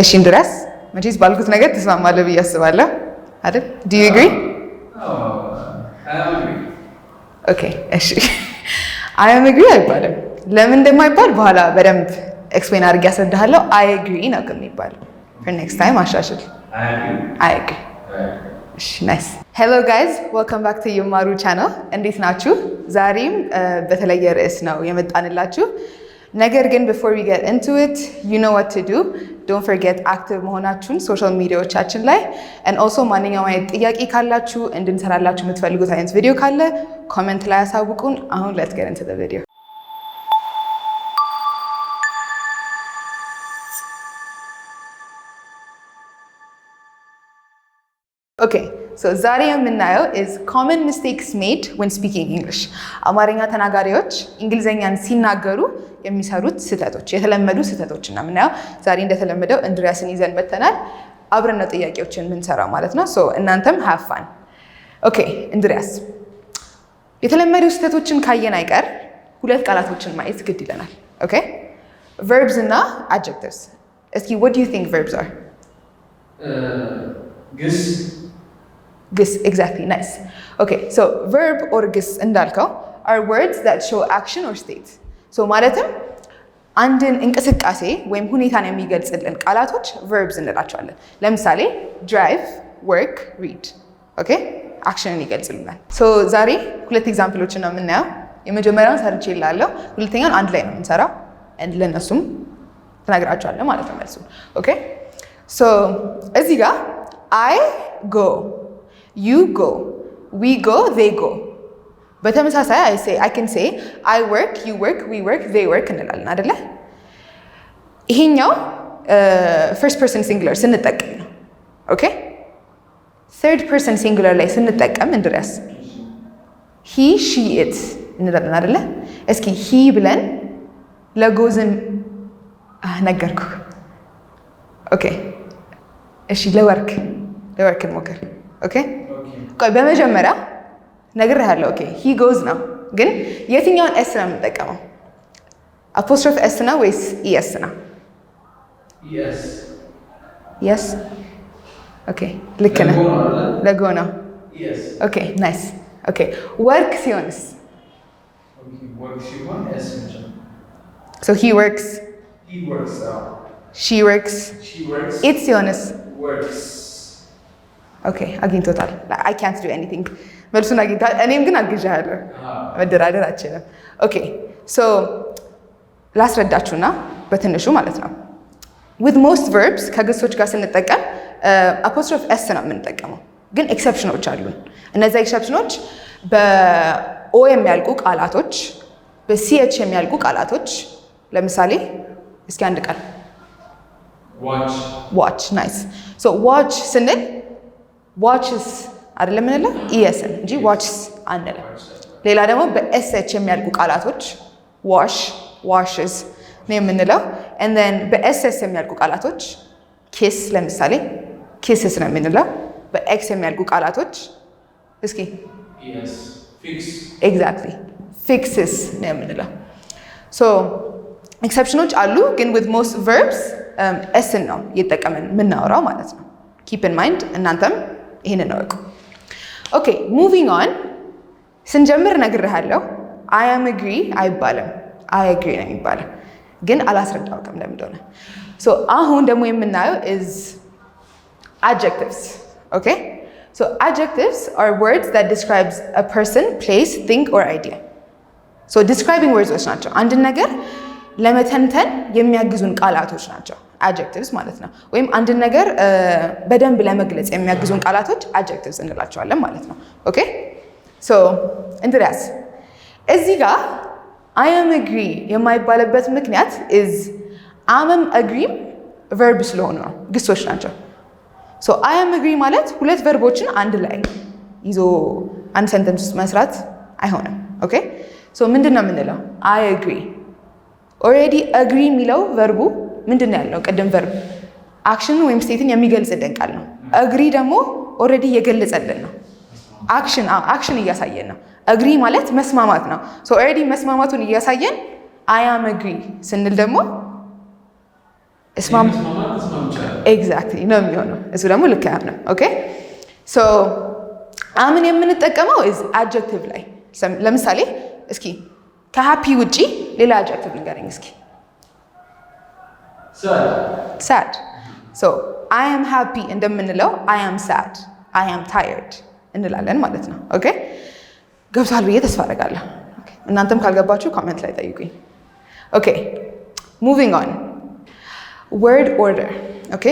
እሺ እንድርያስ መቼስ ባልኩት ነገር ተስማማለ ብዬ አስባለሁ አይደል? ዱ ዩ አግሪ? ኦኬ እሺ። አይ አም አግሪ አይባልም። ለምን እንደማይባል በኋላ በደንብ ኤክስፕሌን አድርጌ ያስረዳሃለሁ። አይ አግሪ ነው የሚባለው። ፎር ኔክስት ታይም አሻሽል። አይ አግሪ። እሺ ናይስ። ሄሎ ጋይዝ ወልካም ባክ ቱ ይማሩ ቻናል። እንዴት ናችሁ? ዛሬም uh, በተለየ ርዕስ ነው የመጣንላችሁ ነገር ግን ቢፎር ዊ ጌት ኢንቱ ኢት ዩ ኖ ዋት ቱ ዱ ዶንት ፎርጌት አክቲቭ መሆናችሁን ሶሻል ሚዲያዎቻችን ላይ ኤንድ ኦልሶ ማንኛውም አይነት ጥያቄ ካላችሁ እንድንሰራላችሁ የምትፈልጉት አይነት ቪዲዮ ካለ ኮመንት ላይ ያሳውቁን። አሁን ሌትስ ጌት ኢንቱ ዘ ቪዲዮ ዛሬ የምናየው ኢዝ ኮመን ሚስቴክስ ሜድ ዌን ስፒኪንግ ኢንግሊሽ፣ አማርኛ ተናጋሪዎች እንግሊዝኛን ሲናገሩ የሚሰሩት ስህተቶች፣ የተለመዱ ስህተቶች እና የምናየው ዛሬ እንደተለመደው እንድሪያስን ይዘን መተናል። አብረን ነው ጥያቄዎችን የምንሰራው ማለት ነው። እናንተም ሀፋን ኦኬ። እንድሪያስ፣ የተለመዱ ስህተቶችን ካየን አይቀር ሁለት ቃላቶችን ማየት ግድ ይለናል። ኦኬ፣ ቨርብስ እና አድጀክቲቭስ። እስኪ ወት ዩ ቲንክ ቨርብስ አር ግስ ግስ ኤግዛክትሊ ናይስ ኦኬ ሶ ቨርብ ኦር ግስ እንዳልከው አር ወርድስ ዛት ሾው አክሽን ኦር ስቴት ሶ ማለትም አንድን እንቅስቃሴ ወይም ሁኔታን የሚገልጽልን ቃላቶች ቨርብስ እንላቸዋለን። ለምሳሌ ድራይቭ፣ ወርክ፣ ሪድ ኦኬ አክሽንን ይገልጽልናል። ሶ ዛሬ ሁለት ኤግዛምፕሎችን ነው የምናየው። የመጀመሪያውን ሰርቼ ላለው ሁለተኛውን አንድ ላይ ነው የምንሰራው። ለእነሱም ተናግራቸዋለን ማለት ነው መልሱ። ኦኬ ሶ እዚህ ጋር አይ ጎ ዩ ጎ ዊ ጎ ዜይ ጎ። በተመሳሳይ አይ ካን ሴይ አይ ወርክ ዩ ወርክ ዊ ወርክ ዜይ ወርክ እንላለን አደለ? ይሄኛው ፈርስት ፐርሰን ሲንግለር ስንጠቀም ነው። ኦኬ ተርድ ፐርሰን ሲንጉለር ላይ ስንጠቀም እንድረስ ሂ ሺ ኢት እንላለን አደለ? እስኪ ሂ ብለን ለጎዝን ነገርኩ። ኦኬ እሺ፣ ለወርክ ለወርክ እንሞክር። ኦኬ ቆይ በመጀመሪያ ነግሬሃለሁ። ኦኬ ሂ ጎዝ ነው፣ ግን የትኛውን ኤስ ነው የምንጠቀመው? አፖስትሮፍ ኤስ ነው ወይስ ኢኤስ ነው? የስ ኦኬ፣ ልክ ነህ። ለጎ ነው። ኦኬ ናይስ። ኦኬ ወርክ ሲሆንስ? ሶ ሂ ወርክስ፣ ሺ ወርክስ፣ ኢት ሲሆንስ ኦኬ አግኝቶታል። አይ ካንት ዱ ኤኒቲንግ መልሱን አግኝቷል። እኔም ግን አግዣለሁ፣ መደራደር አችልም። ኦኬ ሶ ላስረዳችሁና በትንሹ ማለት ነው። ዊዝ ሞስት ቨርብስ ከግሶች ጋር ስንጠቀም አፖስትሮፍ ኤስ ነው የምንጠቀመው፣ ግን ኤክሰፕሽኖች አሉን። እነዚያ ኤክሰፕሽኖች በኦ የሚያልቁ ቃላቶች፣ በሲኤች የሚያልቁ ቃላቶች ለምሳሌ እስኪ አንድ ቃል ዋች ናይስ። ዋች ስንል ዋችስ አይደለም ምንለ ኢየስን e እንጂ ዋችስ አንልም። ሌላ ደግሞ በኤስች የሚያልቁ ቃላቶች ዋሽ ዋሽዝ ነው የምንለው። ንን በኤስስ የሚያልቁ ቃላቶች ኬስ ለምሳሌ ኬስስ ነው የምንለው። በኤክስ የሚያልቁ ቃላቶች እስኪ ኤግዛክትሊ ፊክስስ ነው የምንለው። ሶ ኤክሰፕሽኖች አሉ፣ ግን ዊዝ ሞስት ቨርብስ ኤስን ነው እየጠቀምን የምናወራው ማለት ነው። ኪፕ ኢን ማይንድ እናንተም ይህንን አውቁ። ኦኬ ሙቪንግ ኦን ስንጀምር እነግርሃለሁ። አይ አም አግሪ አይባልም፣ አይ አግሪ ነው የሚባለው። ግን አላስረዳውቅም ሶ አሁን ደግሞ የምናየው ኢዝ አጀክቲቭስ። ኦኬ ሶ አጀክቲቭስ አር ወርድስ ዛት ዲስክራይብስ አ ፐርሰን፣ ፕሌስ፣ ቲንግ ኦር አይዲያ። ሶ ዲስክራይቢንግ ወርድስ ናቸው። አንድን ነገር ለመተንተን የሚያግዙን ቃላቶች ናቸው። አድጀክቲቭስ ማለት ነው። ወይም አንድን ነገር በደንብ ለመግለጽ የሚያግዙን ቃላቶች አድጀክቲቭስ እንላቸዋለን ማለት ነው። ኦኬ ሶ እንድሪያስ እዚህ ጋር አየም አግሪ የማይባልበት ምክንያት ኢዝ አምም አግሪም ቨርብ ስለሆኑ ነው፣ ግሶች ናቸው። ሶ አየም አግሪ ማለት ሁለት ቨርቦችን አንድ ላይ ይዞ አንድ ሰንተንስ ውስጥ መስራት አይሆንም። ኦኬ ሶ ምንድን ነው የምንለው? አይ አግሪ ኦልሬዲ አግሪ የሚለው ቨርቡ ምንድን ነው ያለው? ቅድም ቨርብ አክሽን ወይም ስቴትን የሚገልጽልን ቃል ነው። እግሪ ደግሞ ኦልሬዲ እየገለጸልን ነው። አክሽን አክሽን እያሳየን ነው። እግሪ ማለት መስማማት ነው። ሶ ኦልሬዲ መስማማቱን እያሳየን አያም እግሪ ስንል ደግሞ ኤግዛክትሊ ነው የሚሆነው። እሱ ደግሞ ልክ ነው። ኦኬ ሶ አምን የምንጠቀመው አጀክቲቭ ላይ ለምሳሌ እስኪ ከሀፒ ውጪ ሌላ አጀክቲቭ ንገረኝ እስኪ ሳድ ሶ አይ አም ሃፒ እንደምንለው አይ አም ሳድ አይ አም ታየርድ እንላለን ማለት ነው። ኦኬ ገብቷል ብዬ ተስፋ አደርጋለሁ። እናንተም ካልገባችሁ ኮመንት ላይ ጠይቁኝ። ኦኬ ሙቪንግ ኦን ወርድ ኦርደር። ኦኬ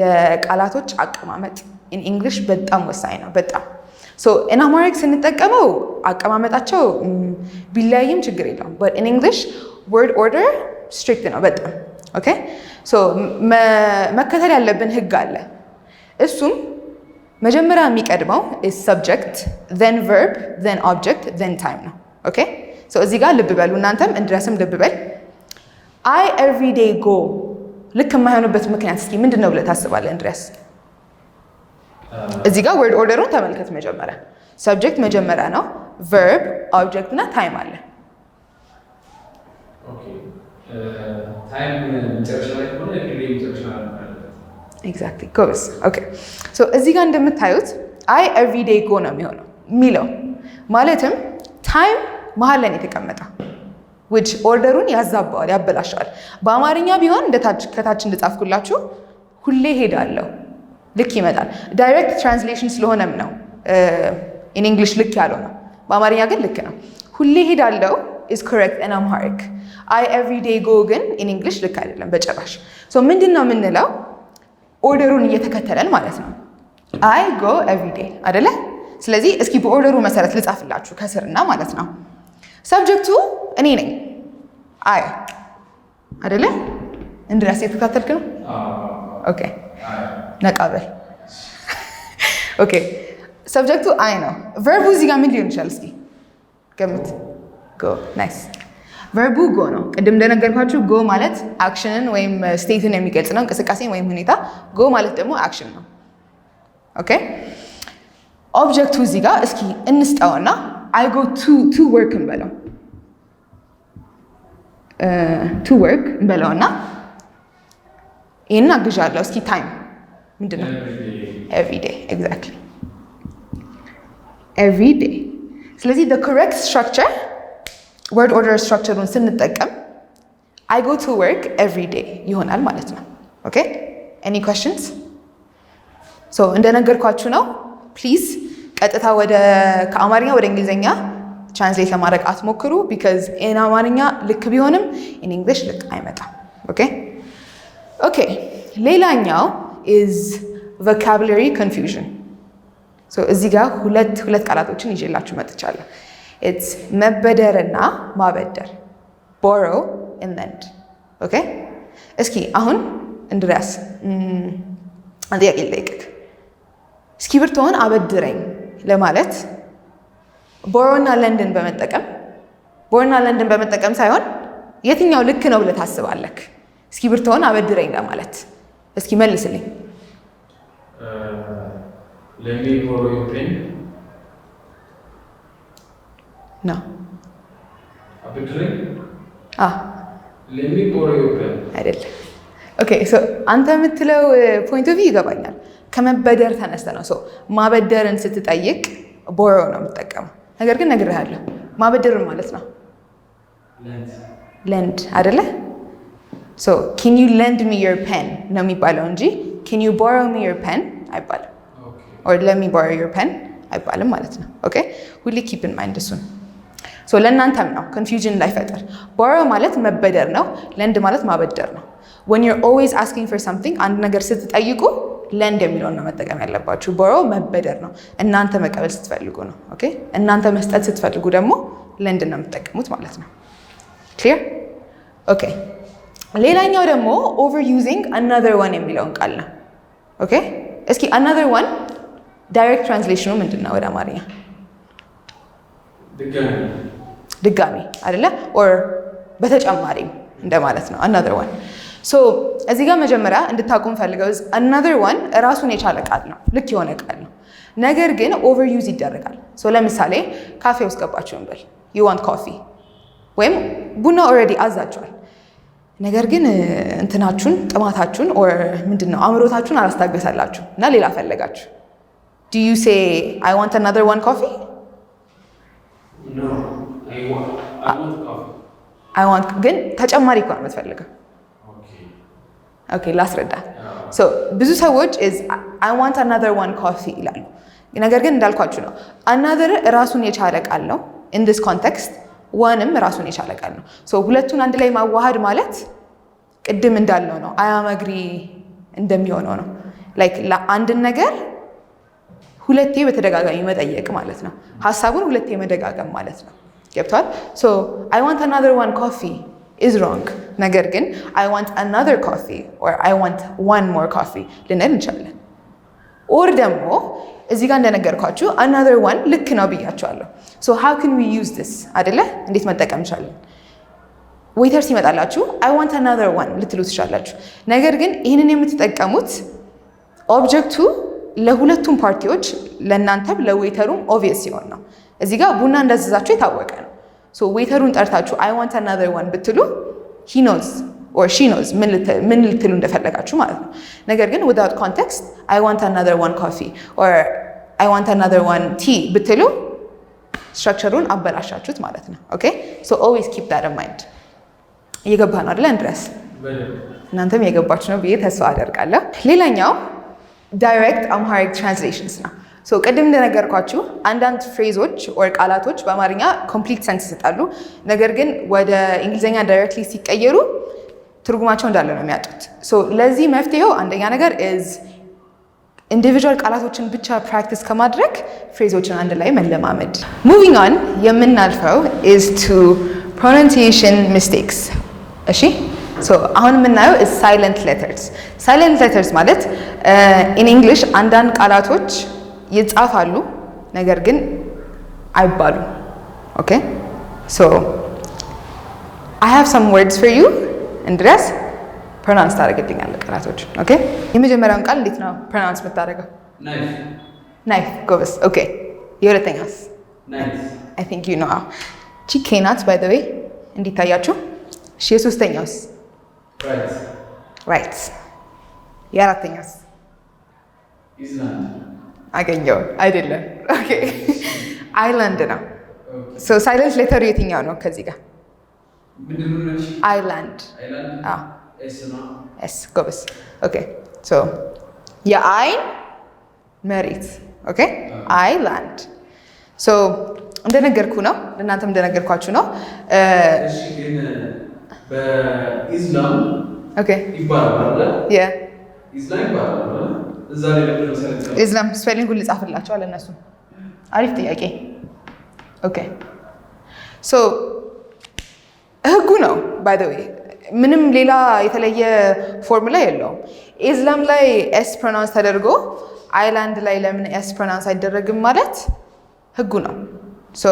የቃላቶች አቀማመጥ ኢን ኢንግሊሽ በጣም ወሳኝ ነው። በጣም ሶ ኢን አማሪክ ስንጠቀመው አቀማመጣቸው ቢለያይም ችግር የለውም። ኢን ኢንግሊሽ ወርድ ኦርደር ስትሪክት ነው በጣም ኦኬ መከተል ያለብን ህግ አለ። እሱም መጀመሪያ የሚቀድመው ሰብጀክት ዘን ቨርብ ዘን ኦብጀክት ዘን ታይም ነው። ኦኬ ሶ እዚህ ጋር ልብ በሉ እናንተም እንድረስም ልብ በል። አይ ዴይ ጎ ልክ የማይሆንበት ምክንያት እስኪ ምንድን ነው ብለህ ታስባለህ እንድረስ? እዚህ ጋር ወርድ ኦርደሩን ተመልከት። መጀመሪያ ሰብጀክት መጀመሪያ ነው፣ ቨርብ ኦብጀክት እና ታይም አለ። ኤግዛክትሊ እዚህ ጋር እንደምታዩት አይ ኤቭሪዴይ ጎ ነው የሚሆነው የሚለው ማለትም ታይም መሀል ላይ ነው የተቀመጠው ዊች ኦርደሩን ያዛባዋል፣ ያበላሸዋል። በአማርኛ ቢሆን ከታች እንደጻፍኩላችሁ ሁሌ ሄዳለሁ ልክ ይመጣል። ዳይሬክት ትራንስሌሽን ስለሆነም ነው ኢን uh, እንግሊሽ ልክ ያለው ነው፣ በአማርኛ ግን ልክ ነው። ሁሌ ሄዳለሁ ኢዝ ኮሬክት ኢን አምሃሪክ። አይ ኤቭሪ ዴይ ጎ ግን ኢን እንግሊሽ ልክ አይደለም በጭራሽ። ሶ ምንድን ነው የምንለው? ኦርደሩን እየተከተለን ማለት ነው። አይ ጎ ኤቭሪ ዴይ አደለ? ስለዚህ እስኪ በኦርደሩ መሰረት ልጻፍላችሁ ከስርና ማለት ነው። ሰብጀክቱ እኔ ነኝ። አይ አደለ? እንድራስ የተከታተልክ ነው። ኦኬ ነቃበል። ኦኬ ሰብጀክቱ አይ ነው። ቨርቡ እዚህ ጋር ምን ሊሆን ይችላል? እስኪ ገምት ጎ ናይስ ቨርቡ ጎ ነው። ቅድም እንደነገርኳችሁ ጎ ማለት አክሽንን ወይም ስቴትን የሚገልጽ ነው፣ እንቅስቃሴን ወይም ሁኔታ። ጎ ማለት ደግሞ አክሽን ነው። ኦኬ ኦብጀክቱ እዚህ ጋር እስኪ እንስጠውና አይ ጎ ቱ ቱ ወርክ እንበለው ቱ ወርክ እንበለውና ይህንን አግዣለሁ። እስኪ ታይም ምንድን ነው? ዴይ ኤግዛክትሊ ኤቭሪዴይ። ስለዚህ ኮሬክት ስትራክቸር ወርድ ኦርደር ስትራክቸሩን ስንጠቀም አይ ጎ ቱ ወርክ ኤቭሪ ዴይ ይሆናል ማለት ነው። ኦኬ ኤኒ ኩዌሽንስ? ሶ እንደነገርኳችሁ ነው። ፕሊዝ ቀጥታ ወደ ከአማርኛ ወደ እንግሊዝኛ ትራንስሌት ለማድረግ አትሞክሩ። ቢካዝ ኢን አማርኛ ልክ ቢሆንም ኢን እንግሊሽ ልክ አይመጣም። ኦኬ ኦኬ። ሌላኛው ኢዝ ቮካብላሪ ኮንፊውዥን። እዚህ ጋር ሁለት ሁለት ቃላቶችን ይዤላችሁ መጥቻለሁ። ኢትስ መበደርና ማበደር ቦሮ እንለንድ። ኦኬ እስኪ አሁን እንድሪያስ ጥያቄ ልጠይቅህ። እስክሪብቶህን አበድረኝ ለማለት ቦሮና ለንድን በመጠቀም ቦሮና ለንድን በመጠቀም ሳይሆን የትኛው ልክ ነው ብለህ ታስባለህ? እስክሪብቶህን አበድረኝ ለማለት እስኪ መልስልኝ። uh, ነው ah. አይደለም። አንተ የምትለው ፖይንት ኦፍ ቪው ይገባኛል። ከመበደር ተነስተ ነው ማበደርን ስትጠይቅ ቦሮ ነው የምትጠቀመው። ነገር ግን ነግሬሃለሁ ማበደርን ማለት ነው ለንድ አይደለ? ኬን ዩ ለንድ ሚ ዮር ፔን ነው የሚባለው እንጂ ኬን ዩ ቦሮ ሚ ዮር ፔን አይባልም። ኦር ለሚ ቦሮ ዮር ፔን አይባልም ማለት ነው። ኦኬ ሁሌ ኪፕ ኢን ማይንድ እሱን ለእናንተም ነው ኮንፊውዥን እንዳይፈጠር። ቦሮ ማለት መበደር ነው። ለንድ ማለት ማበደር ነው። ዌን ዩር ኦልዌይዝ አስኪንግ ፎር ሰምቲንግ አንድ ነገር ስትጠይቁ ለንድ የሚለውን ነው መጠቀም ያለባችሁ። ቦሮ መበደር ነው። እናንተ መቀበል ስትፈልጉ ነው። ኦኬ እናንተ መስጠት ስትፈልጉ ደግሞ ለንድ ነው የምትጠቀሙት ማለት ነው። ክሊር ኦኬ። ሌላኛው ደግሞ ኦቨር ዩዚንግ አናዘር ዋን የሚለውን ቃል ነው። ኦኬ እስኪ አናዘር ዋን ዳይሬክት ትራንስሌሽኑ ምንድን ነው ወደ አማርኛ? ድጋሚ አይደለ ኦር በተጨማሪም እንደማለት ነው። አናዘር ዋን ሶ እዚህ ጋር መጀመሪያ እንድታቁም ፈልገው አናዘር ዋን ራሱን የቻለ ቃል ነው፣ ልክ የሆነ ቃል ነው። ነገር ግን ኦቨር ዩዝ ይደረጋል። ሶ ለምሳሌ ካፌ ውስጥ ገባችሁ እንበል ዩ ዋንት ኮፊ ወይም ቡና ኦልሬዲ አዛችኋል። ነገር ግን እንትናችሁን ጥማታችሁን ኦር ምንድን ነው አእምሮታችሁን አላስታገሳላችሁ እና ሌላ ፈለጋችሁ ዱ ዩ ሴ አይ ዋንት ዋን ኮፊ ግን ተጨማሪ እኮ ነው የምትፈልገው። ኦኬ ላስረዳ። ብዙ ሰዎች አይ ዋንት አናዘር ዋን ኮፊ ይላሉ። ነገር ግን እንዳልኳችሁ ነው አናዘር ራሱን የቻለ ቃል ነው። ኢን ዲስ ኮንቴክስት ዋንም ራሱን የቻለ ቃል ነው። ሁለቱን አንድ ላይ ማዋሃድ ማለት ቅድም እንዳለው ነው አያመግሪ እንደሚሆነው ነው። ላይክ አንድን ነገር ሁለቴ በተደጋጋሚ መጠየቅ ማለት ነው። ሀሳቡን ሁለቴ መደጋገም ማለት ነው። ገብቷል። ሶ አይ ዋንት አናዘር ዋን ኮፊ ኢዝ ሮንግ። ነገር ግን አይ ዋንት አናዘር ኮፊ ኦር አይ ዋንት ዋን ሞር ኮፊ ልንል እንችላለን። ኦር ደግሞ እዚህ ጋር እንደነገርኳችሁ አናዘር ዋን ልክ ነው ብያቸዋለሁ። ሶ ሃው ካን ዊ ዩዝ ዲስ አደለ? እንዴት መጠቀም እንችላለን? ዌይተር ሲመጣላችሁ አይ ዋንት አናዘር ዋን ልትሉ ትችላላችሁ። ነገር ግን ይህንን የምትጠቀሙት ኦብጀክቱ ለሁለቱም ፓርቲዎች ለእናንተም ለዌይተሩም ኦቪየስ ሲሆን ነው። እዚህ ጋር ቡና እንዳዘዛችሁ የታወቀ ነው። ዌይተሩን ጠርታችሁ አይ ዋንት አናዘር ዋን ብትሉ ሂ ኖዝ ኦር ሺ ኖዝ ምን ልትሉ እንደፈለጋችሁ ማለት ነው። ነገር ግን ዊዛውት ኮንቴክስት አይ ዋንት አናዘር ዋን ኮፊ ኦር አይ ዋንት አናዘር ዋን ቲ ብትሉ ስትራክቸሩን አበላሻችሁት ማለት ነው። ኦኬ ሶ ኦልዌይስ ኪፕ ዳት ኢን ማይንድ። እየገባ ነው አይደለ ድረስ እናንተም የገባችሁ ነው ብዬ ተስፋ አደርጋለሁ። ሌላኛው ዳይሬክት አምሃሪክ ትራንስሌሽንስ ነው። ሶ ቅድም እንደነገርኳችሁ አንዳንድ ፍሬዞች ወይ ቃላቶች በአማርኛ ኮምፕሊት ሰንስ ይሰጣሉ። ነገር ግን ወደ እንግሊዝኛ ዳይሬክትሊ ሲቀየሩ ትርጉማቸው እንዳለ ነው የሚያጡት። ሶ ለዚህ መፍትሄው አንደኛ ነገር ኢዝ ኢንዲቪዥዋል ቃላቶችን ብቻ ፕራክቲስ ከማድረግ ፍሬዞችን አንድ ላይ መለማመድ። ሙቪንግ ኦን የምናልፈው ኢዝ ቱ ፕሮናንሲዬሽን ሚስቴክስ። እሺ አሁን የምናየው ሳይለንት ሌተርስ። ሳይለንት ሌተርስ ማለት ኢን uh, ኢንግሊሽ አንዳንድ ቃላቶች ይጻፋሉ፣ ነገር ግን አይባሉ ኦኬ ሶ አይ ሃቭ ሰም ወርድስ ፎር ዩ እንድሪያስ ፕሮናንስ ታደርግልኛለህ ቃላቶች። ኦኬ የመጀመሪያውን ቃል እንዴት ነው ፕሮናንስ የምታደርገው? ናይፍ። ጎበስ። ኦኬ የሁለተኛስ? አይ ቲንክ ዩ ኖ። ቺ ኬናት ባይ ዘ ዌይ እንዲታያችሁ። እሺ የሶስተኛውስ? ራይት። የአራተኛውስ? አገኘው አይደለም፣ አይላንድ ነው። ሳይለንት ሌተሩ የትኛው ነው? ከዚህ ጋር አይላንድ ስ ጎበስ የአይን መሬት አይላንድ እንደነገርኩ ነው። ለእናንተም እንደነገርኳችሁ ነው። በኢስላም ይባላል ኢዝላም ስፔሊንጉን ልጻፍላቸዋል እነሱ። አሪፍ ጥያቄ። ኦኬ ሶ ህጉ ነው ባይ ዘ ዌይ ምንም ሌላ የተለየ ፎርሙላ የለውም። ኢዝላም ላይ ኤስ ፕሮናንስ ተደርጎ አይላንድ ላይ ለምን ኤስ ፕሮናንስ አይደረግም ማለት ህጉ ነው። ሶ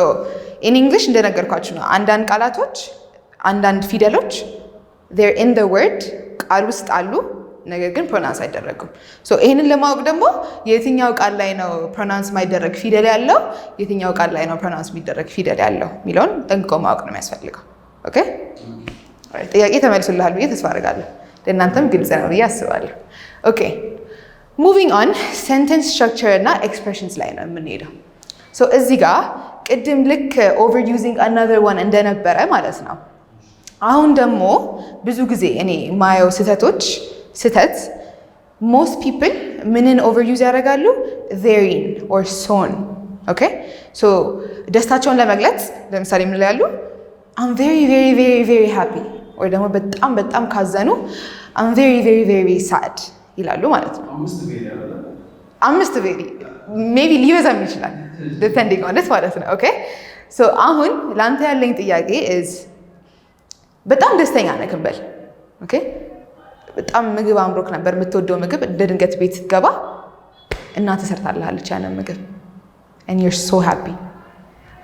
ኢን ኢንግሊሽ እንደነገርኳችሁ ነው። አንዳንድ ቃላቶች፣ አንዳንድ ፊደሎች ር ኢን ወርድ ቃል ውስጥ አሉ ነገር ግን ፕሮናንስ አይደረግም። ይህንን ለማወቅ ደግሞ የትኛው ቃል ላይ ነው ፕሮናንስ ማይደረግ ፊደል ያለው፣ የትኛው ቃል ላይ ነው ፕሮናንስ የሚደረግ ፊደል ያለው የሚለውን ጠንቅቆ ማወቅ ነው የሚያስፈልገው። ጥያቄ ተመልሶልሃል ብዬ ተስፋ አድርጋለሁ። ለእናንተም ግልጽ ነው ብዬ አስባለሁ። ኦኬ ሙቪንግ ኦን ሴንተንስ ስትራክቸር እና ኤክስፕሬሽንስ ላይ ነው የምንሄደው። እዚህ ጋር ቅድም ልክ ኦቨር ዩዚንግ አናዘር ዋን እንደነበረ ማለት ነው። አሁን ደግሞ ብዙ ጊዜ እኔ የማየው ስህተቶች ስህተት ሞስት ፒፕል ምንን ኦቨርዩዝ ያደርጋሉ? ዜሪን ኦር ሶን። ኦኬ ሶ ደስታቸውን ለመግለጽ ለምሳሌ ምን ይላሉ? አም ቬሪ ቬሪ ቬሪ ቬሪ ሃፒ ወይ ደግሞ በጣም በጣም ካዘኑ አም ቬሪ ቬሪ ቬሪ ሳድ ይላሉ ማለት ነው። አምስት ቬሪ ቢ ሊበዛም ይችላል ዲፐንዲንግ ኦን ማለት ነው። ኦኬ ሶ አሁን ለአንተ ያለኝ ጥያቄ ኢዝ በጣም ደስተኛ ነህ ኦኬ በጣም ምግብ አምሮክ ነበር የምትወደው ምግብ እንደ ድንገት ቤት ስትገባ እና ተሰርታልሃለች ያንን ምግብ and you're so happy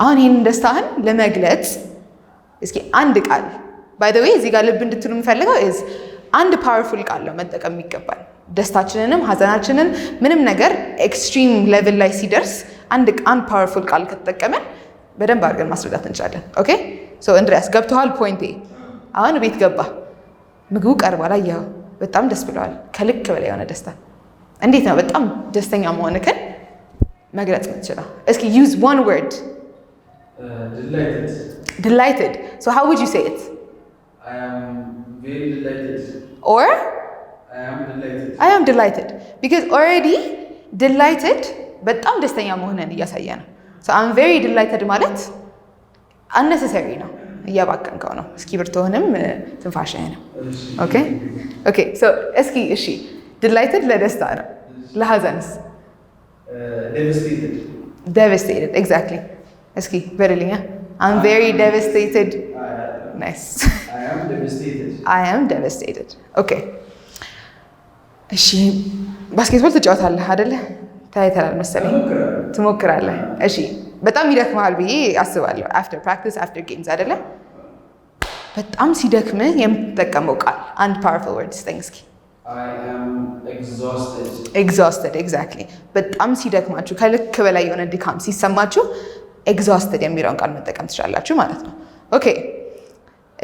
አሁን ይህንን ደስታህን ለመግለጽ እስኪ አንድ ቃል ባይ ዘ እዚህ ጋር ልብ እንድትሉ የምፈልገው አንድ ፓወርፉል ቃል ነው መጠቀም ይገባል። ደስታችንንም ሀዘናችንን ምንም ነገር ኤክስትሪም ሌቭል ላይ ሲደርስ አንድ አንድ ፓወርፉል ቃል ከተጠቀመን በደንብ አድርገን ማስረዳት እንችላለን። ኦኬ ሶ እንድሪያስ ገብተዋል ፖይንቴ። አሁን ቤት ገባ፣ ምግቡ ቀርቧል፣ አየኸው በጣም ደስ ብለዋል። ከልክ በላይ የሆነ ደስታ። እንዴት ነው በጣም ደስተኛ መሆንክን መግለጽ የምትችለው? እስኪ ዩዝ ዋን ወርድ ዲላይትድ ሶ ሃው ውድ ዩ ሴይ ኢት ኦር አይ አም ዲላይትድ ቢካዝ ኦልሬዲ ዲላይትድ በጣም ደስተኛ መሆንን እያሳየ ነው። አም ቬሪ ዲላይትድ ማለት አነሰሰሪ ነው። እያባከንከው ነው። እስኪብርቶህንም ትንፋሽህንም። ኦኬ እስኪ እሺ፣ ድላይትድ ለደስታ ነው፣ ለሀዘንስ? ደቨስቴትድ። ኤግዛክትሊ። እስኪ በደልኛ አም ቬሪ ደቨስቴትድ። ናይስ። አይ አም ደቨስቴትድ። ኦኬ እሺ፣ ባስኬትቦል ትጫወታለህ አደለ? ተያይተናል መሰለኝ። ትሞክራለህ። እሺ በጣም ይደክመሃል ብዬ አስባለሁ። አፍተር ፕራክቲስ አፍተር ጌምስ አይደለም። በጣም ሲደክም የምትጠቀመው ቃል አንድ ፓወርፉል ወርድ ስጠኝ እስኪ። ኤግዛውስትድ ኤግዛክትሊ። በጣም ሲደክማችሁ ከልክ በላይ የሆነ ድካም ሲሰማችሁ ኤግዛስተድ የሚለውን ቃል መጠቀም ትችላላችሁ ማለት ነው። ኦኬ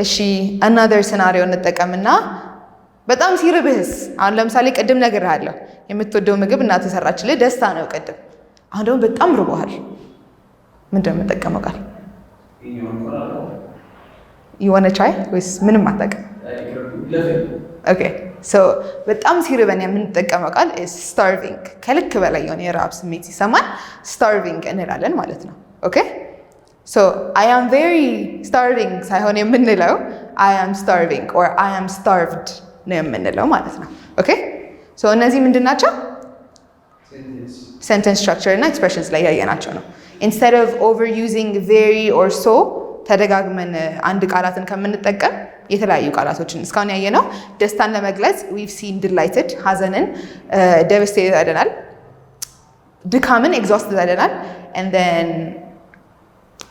እሺ፣ አናዘር ሴናሪዮ እንጠቀምና በጣም ሲርብህስ፣ አሁን ለምሳሌ ቅድም ነግሬሃለሁ የምትወደው ምግብ እናተሰራችልህ ደስታ ነው ቅድም። አሁን ደግሞ በጣም ርቦሃል ምንድን ነው የምጠቀመው ቃል? የሆነ ቻይ ወይስ ምንም አታውቅም? ኦኬ ሶ በጣም ሲርበን የምንጠቀመው ቃል ስታርቪንግ። ከልክ በላይ የሆነ የረሃብ ስሜት ሲሰማን ስታርቪንግ እንላለን ማለት ነው። ኦኬ ሶ አይ አም ቬሪ ስታርቪንግ ሳይሆን የምንለው አይ አም ስታርቪንግ ኦር አይ አም ስታርቭድ ነው የምንለው ማለት ነው። ኦኬ ሶ እነዚህ ምንድን ናቸው? ሴንተንስ ስትራክቸር እና ኤክስፕሬሽንስ ላይ ያየናቸው ነው። ኢንስተድ ኦፍ ኦቨር ዩዚንግ ቬሪ ኦር ሶ ተደጋግመን አንድ ቃላትን ከምንጠቀም የተለያዩ ቃላቶችን እስካሁን ያየነው ደስታን ለመግለጽ ዊቭ ሲን ድላይትድ፣ ሀዘንን ደቨስቴትድ uh, አድርገናል። ድካምን ኤግዛውስት አድርገናል። ን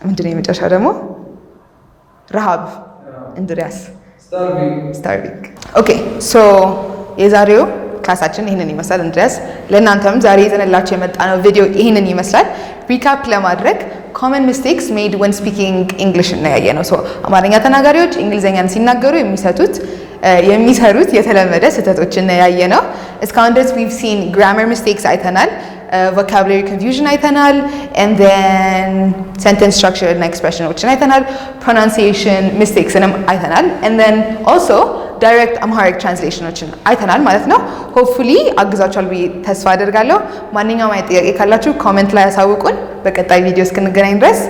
ምንድን ነው የመጨረሻ ደግሞ ረሃብ እንድሪያስ ስታርቪንግ። ኦኬ ሶ የዛሬው ክላሳችን ይህንን ይመስላል። እንድረስ ለእናንተም ዛሬ ይዘንላችሁ የመጣነው ቪዲዮ ይህንን ይመስላል። ሪካፕ ለማድረግ ኮመን ሚስቴክስ ሜድ ወን ስፒኪንግ እንግሊሽ እናያየ ነው። አማርኛ ተናጋሪዎች እንግሊዝኛን ሲናገሩ የሚሰቱት የሚሰሩት የተለመደ ስህተቶች እናያየ ነው። እስካሁን ድረስ ዊቭ ሲን ግራመር ሚስቴክስ አይተናል። ቮካብላሪ ኮንፊውዥን አይተናል። ኤንድ ሰንተንስ ስትራክቸር እና ኤክስፕሬሽኖችን አይተናል። ፕሮናንሲሽን ሚስቴክስንም አይተናል። ኤንድ ዜን ኦልሶ ዳይሬክት አምሃሪክ ትራንስሌሽኖችን አይተናል ማለት ነው። ሆፕፉሊ አግዛችኋል ብዬ ተስፋ አደርጋለሁ። ማንኛውም አይነት ጥያቄ ካላችሁ ኮሜንት ላይ ያሳውቁን። በቀጣይ ቪዲዮ እስክንገናኝ ድረስ